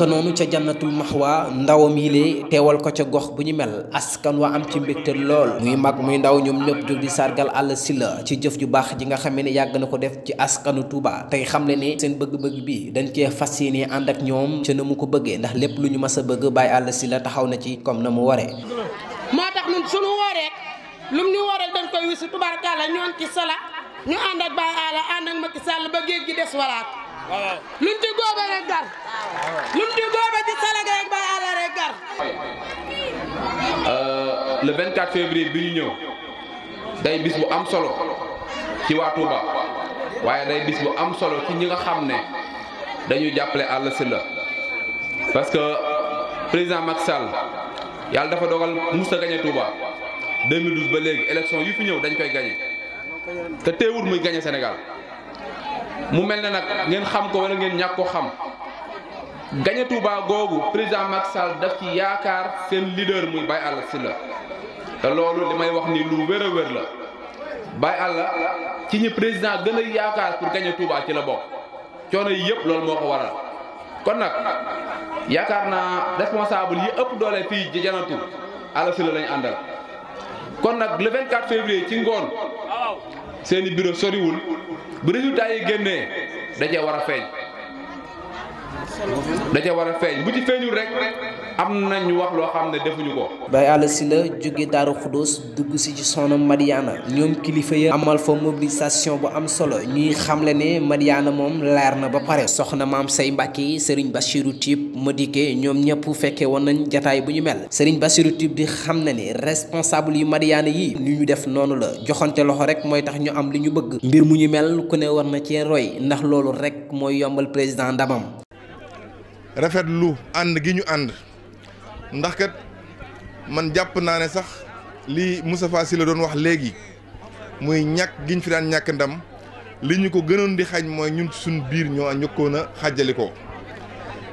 naka noonu ca jannatul maxwa ndawam yi lee teewal ko ca gox bu ñu mel askan wa am ci mbégte lool muy mag muy ndaw ñoom ñëpp jóg di sargal Alla Sylla ci jëf ju baax ji nga xamee ne yàgg na ko def ci askanu Touba tey xam ne ne seen bëgg-bëgg bi dañ cee fas yéene ànd ak ñoom ca na mu ko bëggee ndax lépp lu ñu mas a bëgg bàyyi Alla Sylla taxaw na ci comme na mu waree moo tax ñun sunu wooree lum ñu wooree dañ koy wisu tubaarkalla ñoon ci sala ñu ànd waaw luñ ci góobe rek gar. luñ ci góobe ci salage bay àll rek gar. Euh, le 24 février bi ñu ñëw day bis bu am solo ci waa Touba waaye day bis bu am solo ci ñi nga xam ne dañuy jàppale Alla Sylla parce que président Macky Sall yàlla dafa dogal musta gañe Touba 2012 ba léegi élection yu fi ñëw dañ koy gañe te teewul muy gañe Sénégal. mu mel ne nag ngeen xam ko wala ngeen ñàkk ko xam gañe Touba googu président Macky Sall ci yaakaar seen leader muy Baye Alla Sylla te loolu li may wax ni lu wér wér la Baye Alla ci ñi président gën yaakaar pour gañe Touba ci la bokk coono yi yëpp loolu moo ko waral kon nag yaakaar naa responsable yi ëpp doole pii ci janatu Alla Sylla lañu àndal kon nag le 24 février ci ngoon seeni bureau soriwul bu résultat yi génnee da war a feeñ da cee war a feeñ bu ci feeñul rek am na ñu wax loo xam ne defuñu ko. Baye si la jóge Daaru Xudóos dugg si ci soxna Madiana ñoom kilifa ya amal fa mobilisation bu am solo ñuy xamle ne Madiana moom leer na ba pare. soxna maam say Mbàkke Serigne Bassirou Typ Madické ñoom ñëpp fekkee woon nañ jataay bu ñu mel Serigne Bassirou Typ di xam ne ni responsable yu Madiana yi ni ñu def noonu la joxante loxo rek mooy tax ñu am li ñu bëgg. mbir mu ñu mel ku ne war na cee roy ndax loolu rek mooy yombal président ndamam. ndax kat man jàpp naa ne sax li Moustapha Sy la doon wax léegi muy ñàkk gi fi daan ñàkk ndam li ñu ko gënoon di xañ mooy ñun ci suñu biir ñoo ñëkkoon a xàjjali ko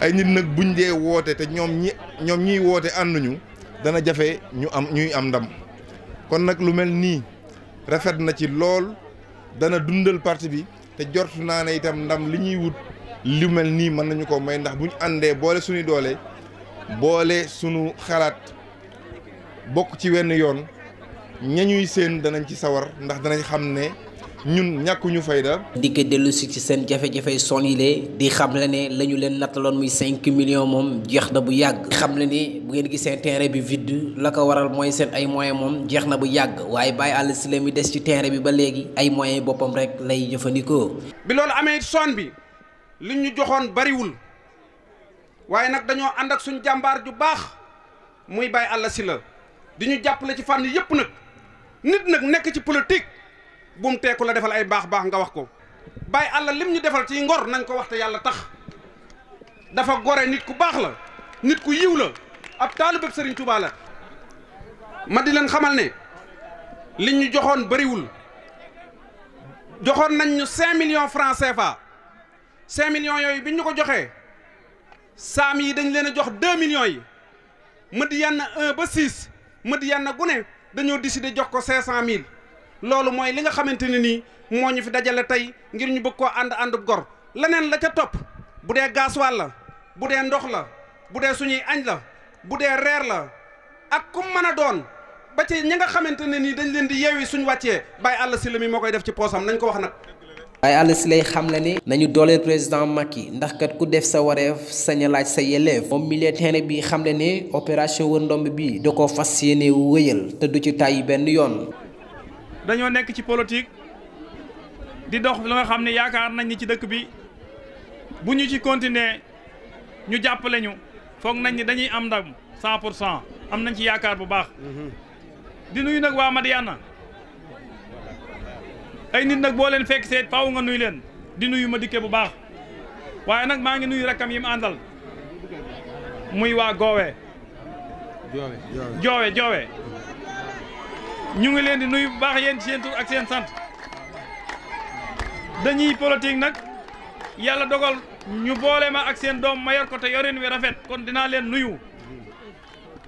ay nit nag buñ dee woote te ñoom ñi ñoom ñiy woote ànduñu dana jafe ñu am ñuy am ndam kon nag lu mel nii rafet na ci lool dana dundal parti bi te jort naa ne itam ndam li ñuy wut lu mel nii mën nañu ko may ndax bu ñu àndee boole suñu doole boole sunu xalaat bokk ci wenn yoon ñañuy seen danañ ci sawar ndax danañ xam ne ñun ñàkkuñu fayda. dikke dellu si ci seen jafe-jafe son yi di xam le ne lañu leen nattaloon muy 5 millions moom jeex na bu yàgg. xam le ni bu ngeen gisee terrain bi vide la ko waral mooy seen ay moyen moom jeex na bu yàgg waaye Baye Alla Sylla muy des ci terrain bi ba léegi ay moyen boppam rek lay jëfandikoo. bi loolu amee son bi li ñu joxoon bariwul. waye nak dañoo and ak suñu jambar ju bax muy bay Alla sila diñu jappalé ci fann yépp nak nit nak nek ci politique bum téku la défal ay bax bax nga wax ko bay Alla lim ñu défal ci ngor nañ ko wax te yàlla tax dafa goré nit ku bax la nit ku yiw la ab ak Serigne Touba la ma di len xamal ne liñ ñu bari wul joxone nañ ñu 5 millions francs CFA 5 millions yoy biñ ñu ko joxé saam yi dañ leen a jox deux millions yi Madiyana un ba six Madiyana gu ne dañoo décider jox ko cinq cent mille loolu mooy li nga xamante ne nii moo ñu fi dajale tey ngir ñu bëgg koo ànd àndub gor leneen la ca topp bu dee gaasuwaal la bu dee ndox la bu dee suñuy añ la bu dee reer la ak ku mën a doon ba ci ñi nga xamante ne nii dañ leen di yeewi suñ wàccee bàyyi àll si la mi moo koy def ci poosam nañ ko wax nag waaye àll si lay xamle ni nañu dooleel président Macky ndax kat ku def sa wareef sañ a laaj sa yelleef moom milieu terrain bi xamle ni opération wër ndomb bi da koo fas yéene wëyal te du ci tàyyi benn yoon. dañoo nekk ci politique di dox lu nga xam ne yaakaar nañ ci dëkk bi bu ñu ci continuer ñu jàppale foog nañ ni dañuy am ndam 100 pour cent am nañ ci yaakaar bu baax. Mhm. di nuyu nag waa Madiana ay nit nak bo len fekk set faaw nga nuy len di nuyu ma dikke bu baax waye nak ma ngi nuyu rakam yim andal muy wa Gowe. jowe jowe ñu ngi len di nuyu bu baax ci sen tour ak sen sant dañuy politique nak yalla dogal ñu boole ma ak sen dom mayor ko te yoreen wi rafet kon dina len nuyu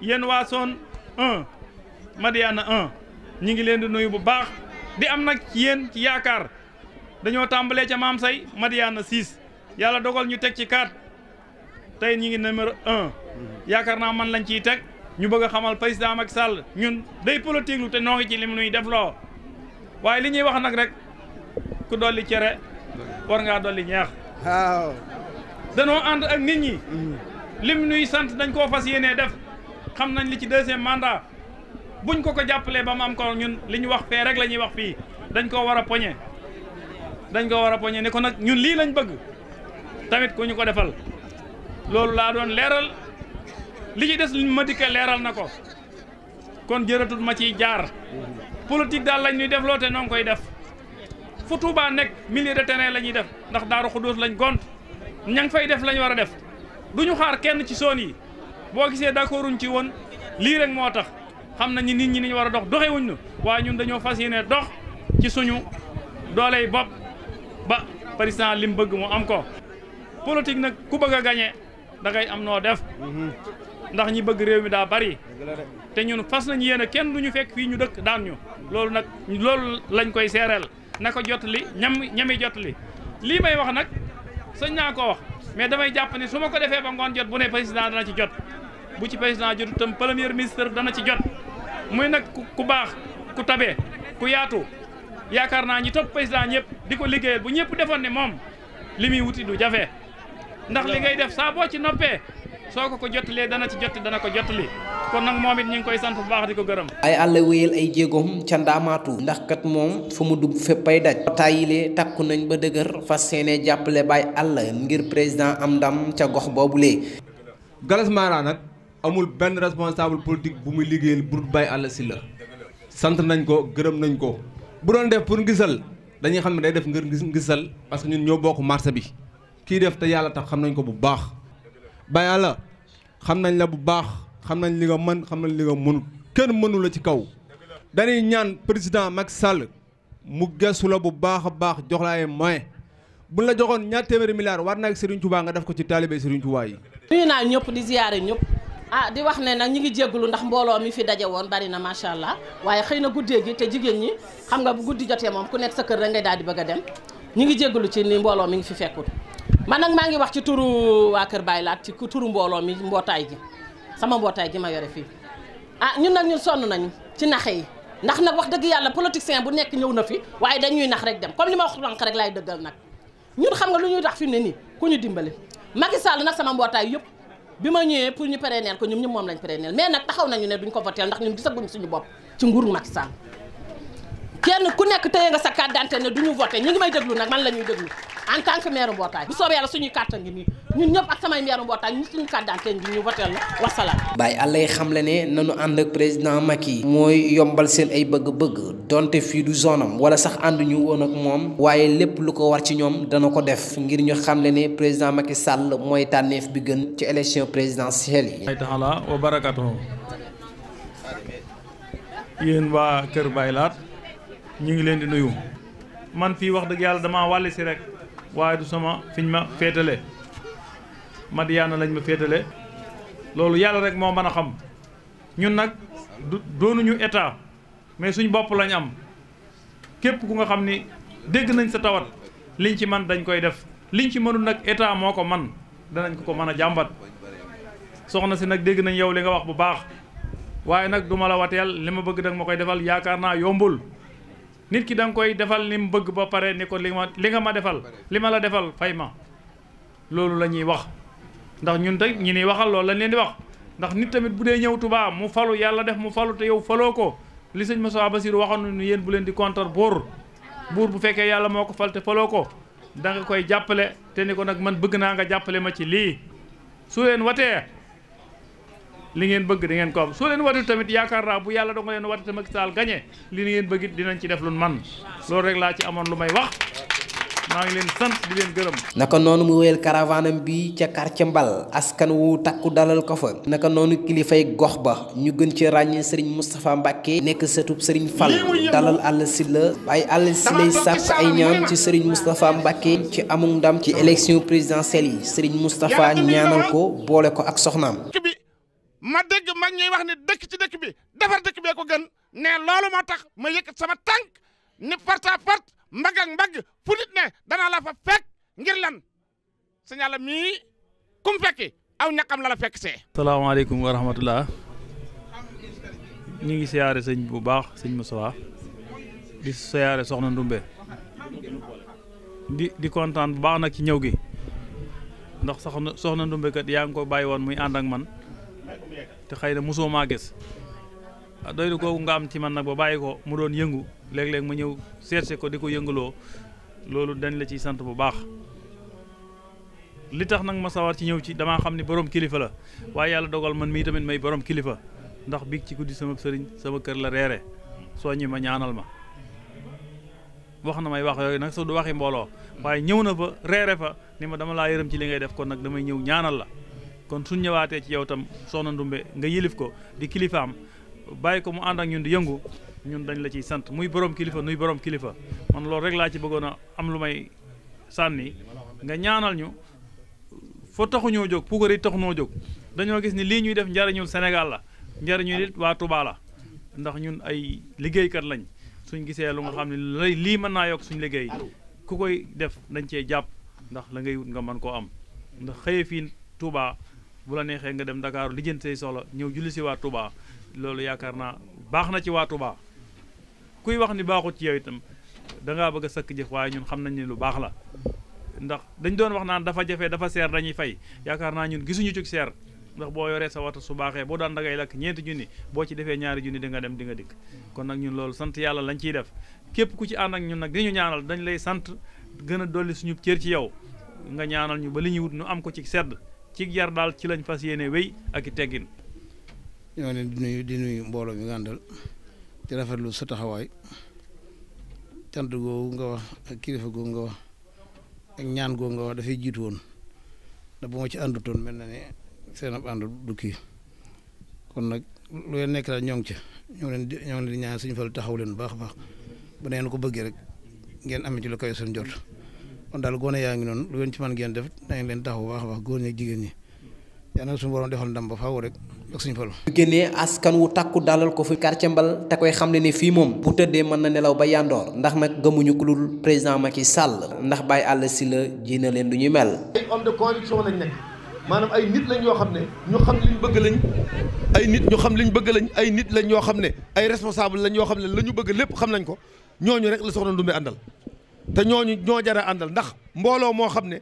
yeen wa son 1 madiana 1 ñi ngi len di nuyu bu baax. di am nag yéen ci yaakaar dañoo tàmbalee ca maam say Madiana 6 yàlla dogal ñu teg ci 4 tey ñu ngi numéro 1 yaakaar naa man lañ ciy teg ñu bëgg a xamal président Macky sàll ñun day politique lu te noo ngi ci li mu nuy def loo waaye li ñuy wax nag rek ku dolli cere war ngaa dolli ñeex. danoo ànd ak nit ñi. Mm-hmm. lim nuy sant dañ koo fas yéenee def xam nañ li ci deuxième mandat. buñ ko ko jàppalee ba mu am ko ñun li ñu wax fee rek la ñuy wax fii dañ koo war a poñe dañ ko war a poñe ne ko nag ñun lii lañu bëgg tamit ku ñu ko defal loolu laa doon leeral li ci des ma dikka leeral na ko kon jëratut ma ciy jaar politique daal lañ ñuy def loote noo ngi koy def fu Touba nekk milieu de terrain la ñuy def ndax Daaru Xudóos lañ gont ña ngi fay def lañu war a def ñu xaar kenn ci zone yi boo gisee d'accorduñ ci woon lii rek moo tax am na nañu nit ñi ni ñu war a dox doxee wuñ ñu waaye ñun dañoo fas yéene dox ci suñu doole yi bopp ba président li mu bëgg mu am ko. politique nag ku bëgg a gañe da ngay am noo def mhm. ndax ñi bëgg réew mi daa bari te ñun fas nañu yéene kenn du ñu fekk fii ñu dëkk daan ñu loolu nag loolu lañ koy seereel na ko jot li ñam ñami jot li lii may wax nag sëñ naa ko wax mais damay jàpp ni su ma ko defee ba ngoon jot bu ne président dana ci jot bu ci président jotu tam premier ministre dana ci jot muy nag ku baax ku tabe ku yaatu yaakaar naa ñi topp président ñëpp di ko liggéeyal bu ñëpp defoon ne moom li muy wuti du jafe ndax li ngay def saa boo ci noppee soo ko ko jottalee dana ci jotti dana ko jottali kon nag moom it ñu ngi koy sant bu baax di ko gërëm. ay àll wéyal ay jéegoom ca ndaamaatu. ndax kat moom fu mu dugg féppay daj. tàyyile takku nañ ba dëgër fa seenee jàppale bay àll ngir président am ndam ca gox boobule. Galas Mara nag. amul ben responsable politique bu muy liggéeyal bu Baye sila Sylla sant nañ ko gërëm nañ ko bu doon def pour ngisal dañuy xam ne day def ngir ngisal parce que ñun ñoo bokk marché bi kii def te yàlla tax xam nañ ko bu baax bay Alla xam nañ la bu baax xam nañ li nga mën xam nañ li nga mënut kenn mënu la ci kaw dañuy ñaan président Macky Sall mu gestu la bu baax a baax jox la ay la joxoon ñaar téeméeri milliards war naa Serigne Touba nga def ko ci talibé Serigne Touba yi. ñu ñëpp di ziyaare ñëpp. ah di wax ne nag ñi ngi jéggulu ndax mbooloo mi fi daje woon bari na macha allah waaye xëy na guddee gi te jigéen ñi xam nga bu guddi jotee moom ku nekk sa kër rek ngay daal di bëgg a dem ñi ngi jéggulu ci ni mbooloo mi ngi fi fekkul man nag maa ngi wax ci turu waa Kër Baye Laat ci turu mbooloo mi mbootaay gi sama mbootaay ji ma yore fii ah ñun nag ñun sonn nañu ci naxe yi ndax nag wax dëgg yàlla politicien bu nekk ñëw na fi waaye dañuy nax rek dem comme li ma wax sànq rek laay dëggal nag ñun xam nga lu ñuy tax fi mu ne nii ku ñu dimbali Macky Sall nag sama mbootaay yëpp bi ma ñëwee pour ñu péréneel ko ñoom ñëpp moom lañ péréneel mais nag taxaw nañu ne duñ ko voteel ndax ñun gisaguñ suñu bopp ci nguuru Macky Sall kenn ku nekk téye nga sa carte ne duñu voté ñu ngi may déglu nag man la ñuy déglu en tant que maire mbootaay bu soobee yàlla suñuy carte ngi nii ñun ñëpp ak samay maire mbootaay ñu suñu carte d'identité ngi ñu voteel la wasalaam Baye Allé xamle ne nanu ànd ak président Macky mooy yombal seen ay bëgg-bëgg donte fii du zone am wala sax ànduñu woon ak moom waaye lépp lu ko war ci ñoom dana ko def ngir ñu xamle ne président Macky Sall mooy tànneef bi gën ci élection présidentielle yi taala wa barakatuhu yéen waa Kër Baye Laat ñu ngi leen di nuyu man fii wax dëgg yàlla damaa wàll si rek waaye du sama fiñ ma féetale madiyaana lañ ma féetale loolu yàlla rek moo mën a xam ñun nag doonuñu état mais suñu bopp lañ am képp ku nga xam ni dégg nañ sa tawat liñ ci man dañ koy def liñ ci mënul nag état moo ko man danañ ko ko mën a jàmbat soxna si nag dégg nañ yow li nga wax bu baax waaye nag du ma la wateel li ma bëgg dag ma koy defal yaakaar naa yombul nit ki da nga koy defal li mu bëgg ba pare ni ko li ma nga ma defal li ma la defal fay ma loolu la ñuy wax ndax ñun tey ñi ni waxal loolu lañ leen di wax ndax nit tamit bu dee ñëw tubaab mu falu yàlla def mu falu te yow faloo ko li sëñ Moussa Bassir waxoon nu yéen bu leen di contre buur buur bu fekkee yàlla moo ko fal te faloo ko da nga koy jàppale te ni ko nag man bëgg naa nga jàppale ma ci lii su leen watee li ngeen bëgg da ngeen ko am soo leen watu tamit yaakaar naa bu yàlla da nga leen watu tamit saal gañe li ngeen bëgg it dinañ ci def lu man loolu rek laa ci amoon lu may wax maa ngi leen sant di leen gërëm. naka noonu mu wéyal caravanam bi ca quartier Mbal askan wu takku dalal ko fa. naka noonu kilifay gox ba ñu gën ci ràññee Serigne Moustapha Mbacke nekk sëtub Serigne fal dalal àll Sylla waaye Alla Sylla sàkk ay ñaan ci Serigne Moustapha Mbacke ci amul ndam ci élection présidentielle yi Serigne Moustapha ñaanal ko boole ko ak soxnaam. ma dégg mag ñuy wax ni dëkk ci dëkk bi defar dëkk bee ko gën ne loolu moo tax ma yëkkat sama tànk ni porte à porte mbagg ak mbagg fu nit ne danaa la fa fekk ngir lan sëñ Yàlla mii kum fekki aw ñaqam la la fekk see. salaamaaleykum wa rahmatullah ñu ngi siyaare sëñ bu baax sëñ Moussa di siyaare soxna Ndumbe di di kontaan bu baax nag ci ñëw gi ndax soxna soxna Ndumbe kat yaa ngi ko bàyyi woon muy ànd ak man. te xëy na mosoo maa gis ah, doy lu googu nga am ci man nag ba bàyyi ko mu doon yëngu léeg-léeg ma ñëw seetse ko di ko yëngaloo loolu dañ la ciy sant bu baax li tax nag ma sawar ci ñëw ci damaa xam ni borom kilifa la waaye yàlla dogal man mii tamit may borom kilifa ndax biig ci guddi sama sëriñ sama kër la reere soññi ma ñaanal ma wax na may wax yooyu nag su du waxi mbooloo waaye ñëw na fa reere fa ni ma dama laa yërëm ci li ngay def kon nag damay ñëw ñaanal la kon suñ ñëwaatee ci yow tam soxna Ndumbe nga yilif ko di kilifaam bàyyi ko mu ànd ak ñun di yëngu ñun dañ la ciy sant muy boroom kilifa nuy borom kilifa man loolu rek laa ci bëggoon a am lu may sànni nga ñaanal ñu foo taxu ñoo jóg puukar yi taxu noo jóg dañoo gis ni lii ñuy def njariñul Sénégal la njariñul it waa Touba la ndax ñun ay liggéeykat lañ suñ gisee lu nga xam ne lii mën naa yokk suñ liggéey ku koy def dañ cee jàpp ndax la ngay wut nga koo am bu la neexee nga dem Dakar lijjanti say soxla ñëw julli si waa baax loolu yaakaar naa baax na ci waa Touba kuy wax ni baaxut ci yow itam dangaa bëgg sakk jëf waaye ñun xam nañ ne lu baax la ndax dañ doon wax naan dafa jafe dafa seer dañuy fay yaakaar naa ñun gisuñu ci seer ndax boo yoree sa wata su baaxee boo daan dangay lakk ñeenti junni boo ci defee ñaari junni di dem di nga dikk kon nag ñun loolu sant yàlla lañ ciy def képp ku ci ànd ak ñun nag di ñu ñaanal dañ lay sant gën a dolli suñu cër ci yow nga ñaanal ñu ba li ñuy wut ñu am ko ci sedd ci yar daal ci lañ fas yenee wéy ak i teggin. ñoo leen di nuyu di nuyu mbooloo mi nga àndal di rafetlu sa taxawaay cant googu nga wax ak kilifa googu nga wax ak ñaan googu nga wax dafay jiitu woon da bu ma ci àndutoon mel na ne seen ab ànd du kii kon nag lu leen nekk daal ñoo ngi ci ñoo leen di ñoo leen di ñaan suñu fal taxaw leen bu baax a baax bu neen ko bëggee rek ngeen amee ci lu koy seen jot. kon daal yaa ngi noonu lu ngeen ci mën ngeen def dangeen leen taxaw bu a baax góor ñi ak jigéen ñi yàlla na suñu ba faaw rek ak suñu falu bu génnee askan takku dalal ko fi quartier mbal te koy xamle ne fii moom bu tëddee mën na nelaw ba yandoor ndax nag gëmuñu ku lul président Macky Sall ndax Baye Alla Sylla ji na leen du ñuy mel ay homme de conviction lañ nekk maanaam ay nit lañ yoo xam ne ñu xam bëgg lañ ay nit ñu xam liñ bëgg lañ ay nit lañ yoo xam ne ay responsable lañ yoo xam ne la ñu bëgg lépp xam nañ ko ñooñu rek la soxna Ndumbe àndal te ñoo ñu ñoo jara àndal ndax mbooloo moo xam ne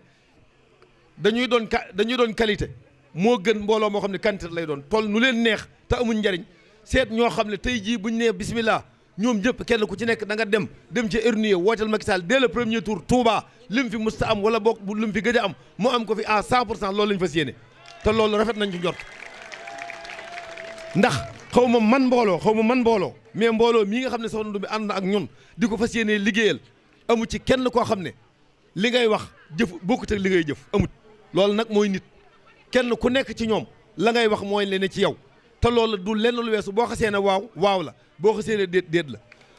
dañuy doon ka dañuy doon qualité moo gën mbooloo moo xam ne quantité lay doon toll nu leen neex te amuñ njariñ seet ñoo xam ne tey jii buñ nee bismillah ñoom ñëpp kenn ku ci nekk da nga dem dem ca urnie wooteel Macky Sall dès le premier tour Touba lim fi musta am wala boog lim fi gëj a am mu am ko fi à 100 pour cent loolu lañ fas yéene te loolu rafet nañ ci njort ndax xaw ma man mbooloo xaw ma man mbooloo mais mbooloo mii nga xam ne soxna Ndoumbe ànd ak ñun di ko fas yéene liggéeyal amu ci kenn koo xam ne li ngay wax jëf bokkut li ngay jëf amut loolu nag mooy nit kenn ku nekk ci ñoom la ngay wax mooy leen ci yow te loolu du lenn lu weesu boo xasee ne waaw waaw la boo xasee ne déet déet la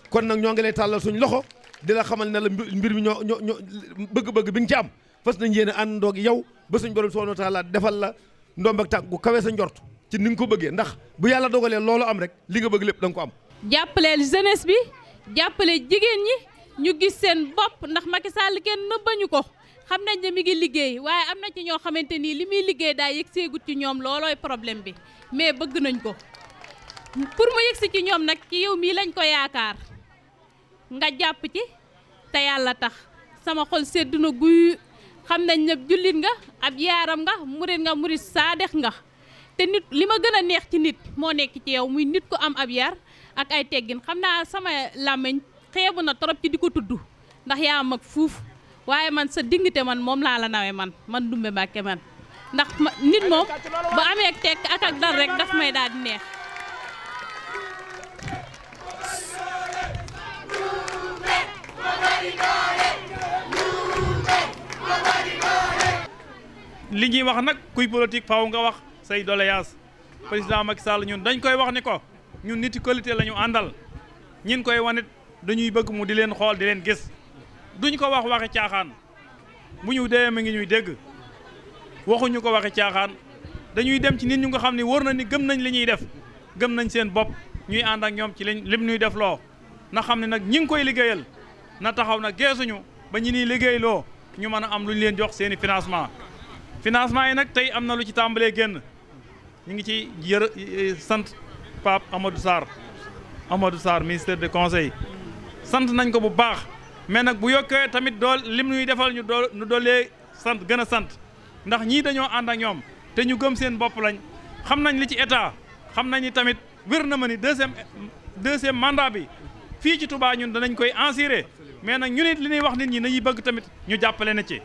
kon nag ñoo ngi lay tàllal suñ loxo di la xamal ne la mbir mi ñoo ño ñoo bëgg-bëgg bi nga ci am fas nañ yéene àndandoo gi yow ba suñ borom soo wa taala defal la ndoom ba tànk gu kawe sa njort ci ni nga ko bëggee ndax bu yàlla dogalee loolu am rek li nga bëgg lépp da ko am. ñu gis seen bopp ndax Macky Sall kenn nëbbañu ko xam nañ ne mi ngi liggéey waaye am na ci ñoo xamante ni li muy liggéey daa yëg seegut ci ñoom loolooy problème bi mais bëgg nañ ko pour mu yëg ci ñoom nag ki yow mii lañ ko yaakaar nga jàpp ci te yàlla tax sama xol sedd na guy xam nañ ne jullit nga ab yaaram nga murit nga murit saadex nga te nit li ma gën a neex ci nit moo nekk ci yow muy nit ku am ab yar ak ay teggin xam naa sama làmmiñ xeebu na trop ci di ko tudd ndax yaa mag fuuf waaye man sa dignité man moom laa la nawe man man Dumbe Mbàkke man ndax nit moom ba amee tekk ak ak dal rek dafa may daal di neex li ñuy wax nag kuy politique faw nga wax say doléance président Macky Sall ñun dañ koy wax ni ko ñun niti qualité la àndal ñin koy wanit dañuy bëgg mu di leen xool di leen gis duñ ko wax waxi caaxaan bu ñu dee mi ngi ñuy dégg waxuñu ko waxi caaxaan dañuy dem ci nit ñu nga xam ne wóor na ni gëm nañ li ñuy def gëm nañ seen bopp ñuy ànd ak ñoom ci liñ lim ñuy def loo na xam ne nag ñi ngi koy liggéeyal na taxaw na geesuñu ba ñi niy liggéey loo ñu mën a am lu ñu leen jox seeni financement financement yi nag tey am na lu ci tàmbalee génn ñu ngi ci jër sant Pape Amadou Sarr Amadou Sarr ministère de conseil sant nañ ko bu baax mais nag bu yokkee tamit dool lim ñuy defal ñu dool ñu doolee sant gën a sant ndax ñii dañoo ànd ak ñoom te ñu gëm seen bopp lañ xam nañ li ci état xam nañ ni tamit wér na ma ni deuxième deuxième mandat bi fii ci Touba ñun danañ koy ensirer mais nag ñu nit li ñuy wax nit ñi nañuy bëgg tamit ñu jàppale na ci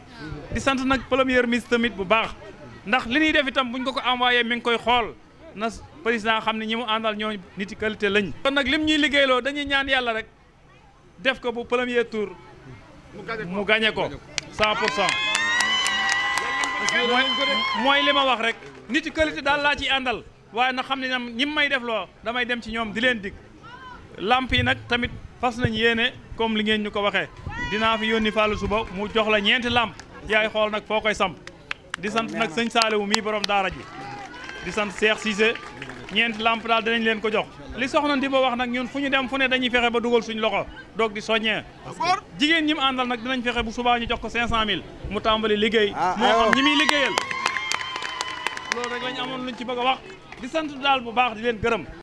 di sant nag premier ministre tamit bu baax ndax li ñuy def itam buñ ko ko envoyé mi ngi koy xool na président xam ne ñi mu àndal ñoo nit yi qualité lañ kon nag lim ñuy liggéeyloo dañuy ñaan yàlla rek def ko bu premier tour mu gagné ko 100 pour mooy li ma wax rek nit yi qualité daal laa ciy àndal waaye na xam ne nam ñi may def loo damay dem ci ñoom di leen dikk làmp yi nag tamit fas nañ yéene comme li ngeen ñu ko waxee dinaa fi yónni Fallou suba mu jox la ñeenti làmp yaay xool nag foo koy samp di sant nag sëñ Saaliwu mii borom daara ji di sant Cheikh Cissé ñeenti làmp daal dinañ leen ko jox li soxna di ma wax nag ñun fu ñu dem fu ne dañuy fexe ba dugal suñu loxo doog di soññee jigéen ñi mu àndal nag dinañ fexe bu subaa ñu jox ko 500000 mu tàmbali liggéey ah, moo ah, xam ah. ñi muy liggéeyal loolu rek lañ amoon luñ ci bëgg a wax di sant daal bu baax di leen gërëm